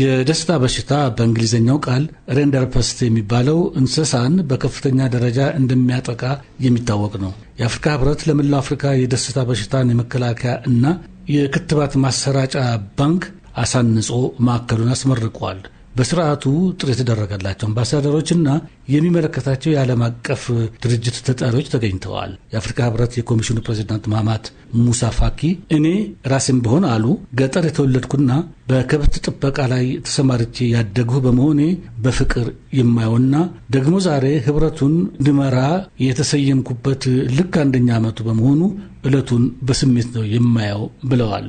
የደስታ በሽታ በእንግሊዝኛው ቃል ሬንደርፐስት ፐስት የሚባለው እንስሳን በከፍተኛ ደረጃ እንደሚያጠቃ የሚታወቅ ነው። የአፍሪካ ህብረት ለመላው አፍሪካ የደስታ በሽታን የመከላከያ እና የክትባት ማሰራጫ ባንክ አሳንጾ ማዕከሉን አስመርቋል። በስርዓቱ ጥሪ የተደረገላቸው አምባሳደሮችና የሚመለከታቸው የዓለም አቀፍ ድርጅት ተጠሪዎች ተገኝተዋል። የአፍሪካ ህብረት የኮሚሽኑ ፕሬዚዳንት ማማት ሙሳ ፋኪ እኔ ራሴም ብሆን አሉ ገጠር የተወለድኩና በከብት ጥበቃ ላይ ተሰማርቼ ያደግሁ በመሆኔ በፍቅር የማየውና ደግሞ ዛሬ ህብረቱን ድመራ የተሰየምኩበት ልክ አንደኛ ዓመቱ በመሆኑ ዕለቱን በስሜት ነው የማየው ብለዋል።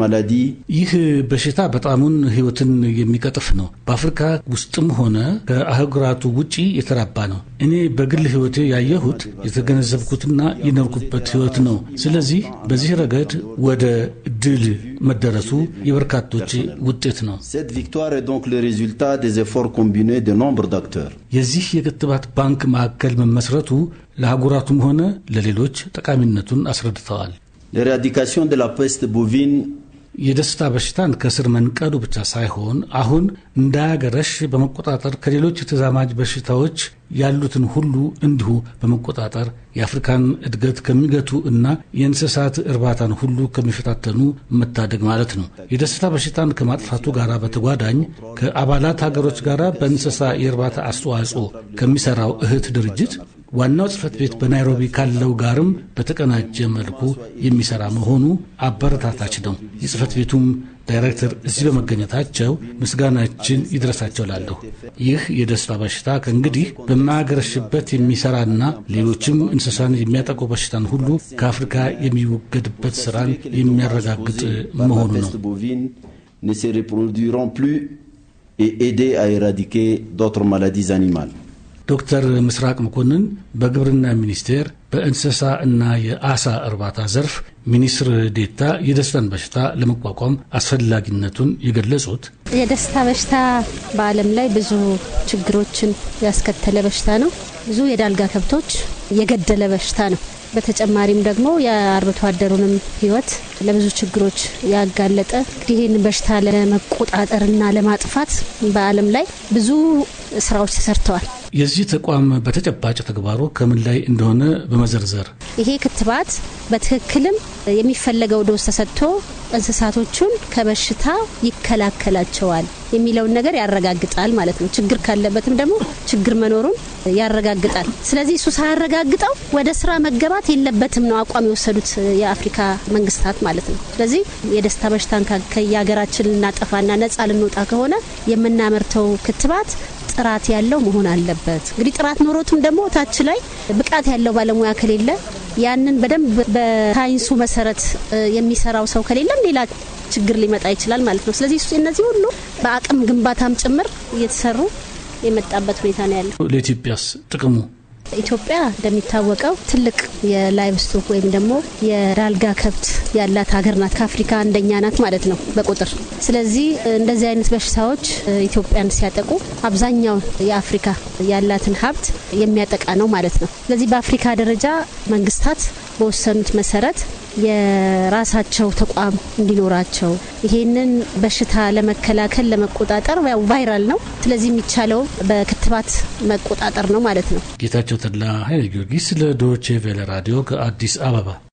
ማላዲ ይህ በሽታ በጣሙን ህይወትን የሚቀጥፍ ነው። በአፍሪካ ውስጥም ሆነ ከአህጉራቱ ውጪ የተራባ ነው። እኔ በግል ህይወቴ ያየሁት የተገነዘብኩትና የኖርኩበት ህይወት ነው። ስለዚህ በዚህ ረገድ ወደ ድል መደረሱ የበርካቶች ውጤት ነው። የዚህ የክትባት ባንክ ማዕከል መመስረቱ ለአህጉራቱም ሆነ ለሌሎች ጠቃሚነቱን አስረድተዋል። l'éradication ደ la peste የደስታ በሽታን ከስር መንቀዱ ብቻ ሳይሆን አሁን እንዳያገረሽ በመቆጣጠር ከሌሎች ተዛማጅ በሽታዎች ያሉትን ሁሉ እንዲሁ በመቆጣጠር የአፍሪካን እድገት ከሚገቱ እና የእንስሳት እርባታን ሁሉ ከሚፈታተኑ መታደግ ማለት ነው። የደስታ በሽታን ከማጥፋቱ ጋር በተጓዳኝ ከአባላት ሀገሮች ጋር በእንስሳ የእርባታ አስተዋጽኦ ከሚሰራው እህት ድርጅት ዋናው ጽህፈት ቤት በናይሮቢ ካለው ጋርም በተቀናጀ መልኩ የሚሰራ መሆኑ አበረታታች ነው። የጽህፈት ቤቱም ዳይሬክተር እዚህ በመገኘታቸው ምስጋናችን ይድረሳቸው ላለሁ። ይህ የደስታ በሽታ ከእንግዲህ በማገረሽበት የሚሰራና ሌሎችም እንስሳን የሚያጠቁ በሽታን ሁሉ ከአፍሪካ የሚወገድበት ስራን የሚያረጋግጥ መሆኑ ነው። ne se reproduiront plus et aider à éradiquer d'autres maladies animales. ዶክተር ምስራቅ መኮንን በግብርና ሚኒስቴር በእንስሳ እና የአሳ እርባታ ዘርፍ ሚኒስትር ዴታ የደስታን በሽታ ለመቋቋም አስፈላጊነቱን የገለጹት የደስታ በሽታ በዓለም ላይ ብዙ ችግሮችን ያስከተለ በሽታ ነው። ብዙ የዳልጋ ከብቶች የገደለ በሽታ ነው። በተጨማሪም ደግሞ የአርብቶ አደሩንም ህይወት ለብዙ ችግሮች ያጋለጠ ይህን በሽታ ለመቆጣጠርና ለማጥፋት በዓለም ላይ ብዙ ስራዎች ተሰርተዋል። የዚህ ተቋም በተጨባጭ ተግባሩ ከምን ላይ እንደሆነ በመዘርዘር ይሄ ክትባት በትክክልም የሚፈለገው ዶስ ተሰጥቶ እንስሳቶቹን ከበሽታ ይከላከላቸዋል የሚለውን ነገር ያረጋግጣል ማለት ነው። ችግር ካለበትም ደግሞ ችግር መኖሩን ያረጋግጣል። ስለዚህ እሱ ሳያረጋግጠው ወደ ስራ መገባት የለበትም ነው አቋም የወሰዱት የአፍሪካ መንግስታት ማለት ነው። ስለዚህ የደስታ በሽታን ከየሀገራችን ልናጠፋና ነጻ ልንወጣ ከሆነ የምናመርተው ክትባት ጥራት ያለው መሆን አለበት። እንግዲህ ጥራት ኖሮትም ደግሞ ታች ላይ ብቃት ያለው ባለሙያ ከሌለ ያንን በደንብ በሳይንሱ መሰረት የሚሰራው ሰው ከሌለም ሌላ ችግር ሊመጣ ይችላል ማለት ነው። ስለዚህ እነዚህ ሁሉ በአቅም ግንባታም ጭምር እየተሰሩ የመጣበት ሁኔታ ነው ያለው። ለኢትዮጵያስ ጥቅሙ ኢትዮጵያ እንደሚታወቀው ትልቅ የላይቭስቶክ ወይም ደግሞ የዳልጋ ከብት ያላት ሀገር ናት። ከአፍሪካ አንደኛ ናት ማለት ነው በቁጥር። ስለዚህ እንደዚህ አይነት በሽታዎች ኢትዮጵያን ሲያጠቁ አብዛኛውን የአፍሪካ ያላትን ሀብት የሚያጠቃ ነው ማለት ነው። ስለዚህ በአፍሪካ ደረጃ መንግስታት በወሰኑት መሰረት የራሳቸው ተቋም እንዲኖራቸው ይሄንን በሽታ ለመከላከል ለመቆጣጠር ያው ቫይራል ነው። ስለዚህ የሚቻለው በክትባት መቆጣጠር ነው ማለት ነው። ጌታቸው ተድላ ኃይለ ጊዮርጊስ ለዶቼ ቬለ ራዲዮ ከአዲስ አበባ